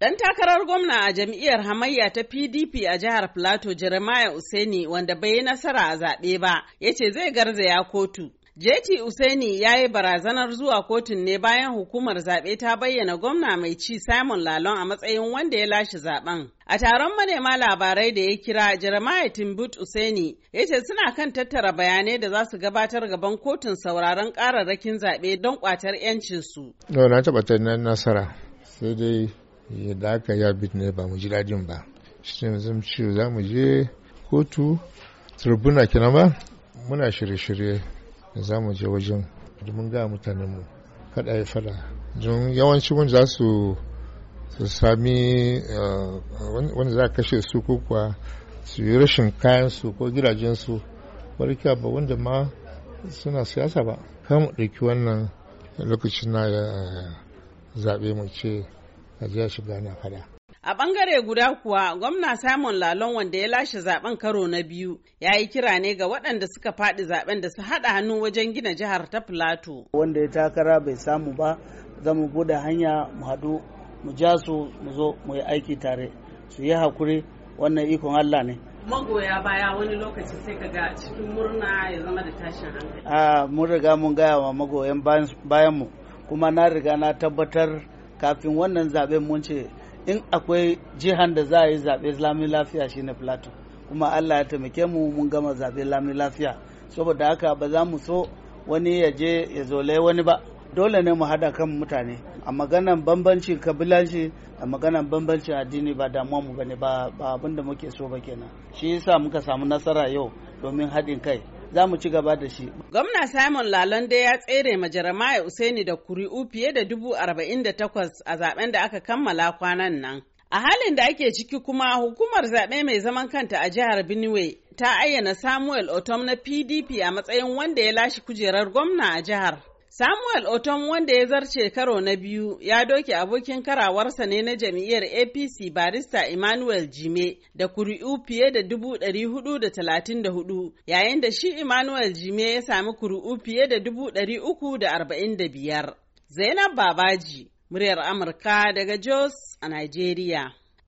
Ɗan takarar gwamna a jam'iyyar hamayya ta PDP a jihar Plateau Jeremiah Useni wanda bai yi nasara a zaɓe ba, ya ce zai garzaya kotu. JT Useni ya yi barazanar zuwa kotun ne bayan hukumar zaɓe ta bayyana gwamna mai ci Simon Lalon a matsayin wanda ya lashe zaɓen A taron manema labarai da ya kira Jeremiah Timbut Useni ya ce suna kan tattara bayanai da za su gabatar gaban kotun sauraron ƙararrakin zaɓe don ƙwatar 'yancinsu. Na taɓa nasara da aka yi abin ne ba mu ji dadin ba shi ne zan ce za mu je kotu tribuna kenan ba muna shirye-shirye za mu je wajen domin ga mu kada ya fada don yawanci wanda za su sami eh, wanda za kashe su ko kuwa su yi rashin kayansu ko gidajensu barka ba wanda ma suna siyasa ba kamar ɗauki wannan lokacin na eh, zaɓe mu ce ka je shiga na fada. A bangare guda kuwa gwamna Simon Lalon wanda ya lashe zaben karo na biyu ya yi kira ne ga waɗanda suka faɗi zaben da su haɗa hannu wajen gina jihar ta Filato. Wanda ya takara bai samu ba za mu bude hanya mu haɗu mu ja su mu zo mu yi aiki tare su yi hakuri wannan ikon Allah ne. Magoya baya wani lokaci sai ka ga cikin murna ya zama da tashin hankali. A mun riga mun gaya wa magoyan bayan mu kuma na riga na tabbatar kafin wannan zaɓen mun ce in akwai jihan da za a yi zaɓe lamin lafiya shine plateau kuma allah ya taimake mu mun gama zaɓe lamin lafiya saboda haka ba za mu so wani ya je ya zole wani ba dole ne mu haɗa kan mutane a maganan bambancin kabilanci a maganan bambancin addini ba damuwa mu bane ba abin da muke so ba kenan shi yasa muka samu nasara yau domin haɗin kai za mu ci gaba da shi. Gwamna Simon Lalonde ya tsere ma Jeremiah Usaini da kuri'u fiye da dubu arba'in da takwas a zaben da aka kammala kwanan nan. A halin da ake ciki kuma hukumar zaɓe mai zaman kanta a jihar Benue ta ayyana Samuel Otom na PDP a matsayin wanda ya lashe kujerar gwamna a jihar. Samuel Otom wanda ya zarce karo na biyu ya doke abokin karawarsa ne na jam'iyyar APC barista Emmanuel Jime da kuri'u fiye da dubu da talatin da yayin da shi Emmanuel Jime ya sami kuri'u fiye da dubu ɗari uku da arba'in da biyar. Zainab Babaji, muryar Amurka daga Jos a Nigeria.